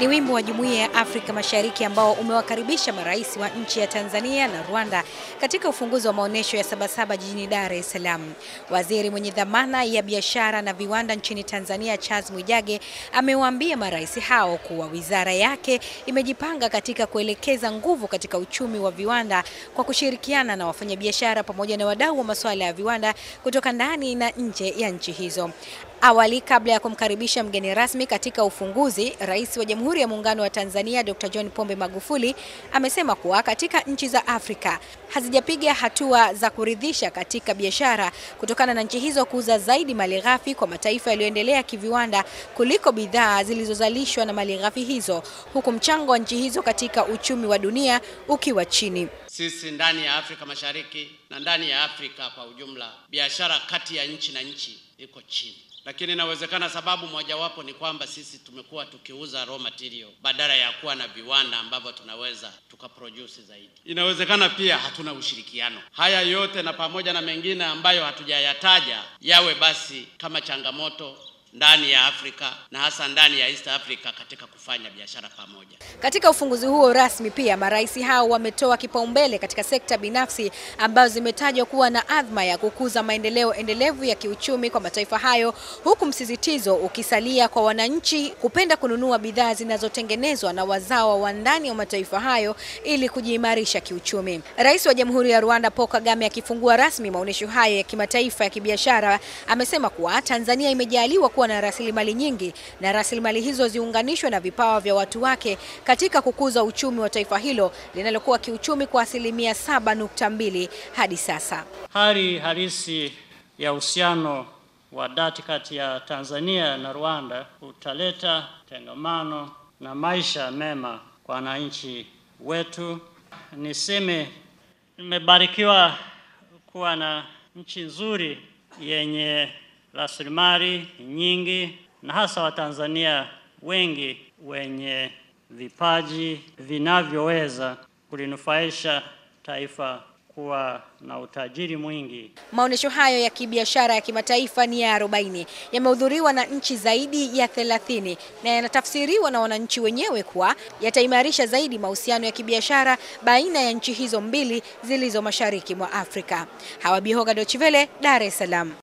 Ni wimbo wa Jumuiya ya Afrika Mashariki ambao umewakaribisha marais wa nchi ya Tanzania na Rwanda katika ufunguzi wa maonyesho ya Sabasaba jijini Dar es Salaam. Waziri mwenye dhamana ya biashara na viwanda nchini Tanzania, Charles Mwijage, amewaambia marais hao kuwa wizara yake imejipanga katika kuelekeza nguvu katika uchumi wa viwanda kwa kushirikiana na wafanyabiashara pamoja na wadau wa masuala ya viwanda kutoka ndani na nje ya nchi hizo. Awali, kabla ya kumkaribisha mgeni rasmi katika ufunguzi, Rais wa Jamhuri ya Muungano wa Tanzania Dr. John Pombe Magufuli amesema kuwa katika nchi za Afrika hazijapiga hatua za kuridhisha katika biashara kutokana na nchi hizo kuuza zaidi malighafi kwa mataifa yaliyoendelea kiviwanda kuliko bidhaa zilizozalishwa na malighafi hizo, huku mchango wa nchi hizo katika uchumi wa dunia ukiwa chini. Sisi ndani ya Afrika Mashariki na ndani ya Afrika kwa ujumla, biashara kati ya nchi na nchi iko chini, lakini inawezekana sababu mojawapo ni kwamba sisi tumekuwa tukiuza raw material badala ya kuwa na viwanda ambavyo tunaweza tukaproduce zaidi. Inawezekana pia hatuna ushirikiano. Haya yote na pamoja na mengine ambayo hatujayataja yawe basi kama changamoto ndani ya Afrika na hasa ndani ya East Africa katika kufanya biashara pamoja. Katika ufunguzi huo rasmi, pia marais hao wametoa kipaumbele katika sekta binafsi ambazo zimetajwa kuwa na adhma ya kukuza maendeleo endelevu ya kiuchumi kwa mataifa hayo, huku msisitizo ukisalia kwa wananchi kupenda kununua bidhaa zinazotengenezwa na wazawa wa ndani wa mataifa hayo ili kujiimarisha kiuchumi. Rais wa Jamhuri ya Rwanda Paul Kagame akifungua rasmi maonyesho hayo ya kimataifa ya kibiashara amesema kuwa Tanzania imejaliwa kuwa na rasilimali nyingi na rasilimali hizo ziunganishwe na vipawa vya watu wake katika kukuza uchumi wa taifa hilo linalokuwa kiuchumi kwa asilimia 7.2 hadi sasa. Hali halisi ya uhusiano wa dhati kati ya Tanzania na Rwanda utaleta tengamano na maisha mema kwa wananchi wetu. Niseme nimebarikiwa kuwa na nchi nzuri yenye rasilimali nyingi na hasa Watanzania wengi wenye vipaji vinavyoweza kulinufaisha taifa kuwa na utajiri mwingi. Maonyesho hayo ya kibiashara ya kimataifa ni ya 40 yamehudhuriwa na nchi zaidi ya 30 na yanatafsiriwa na wananchi wenyewe kuwa yataimarisha zaidi mahusiano ya kibiashara baina ya nchi hizo mbili zilizo mashariki mwa Afrika. Hawabihoga Dochivele, Dar es Salaam.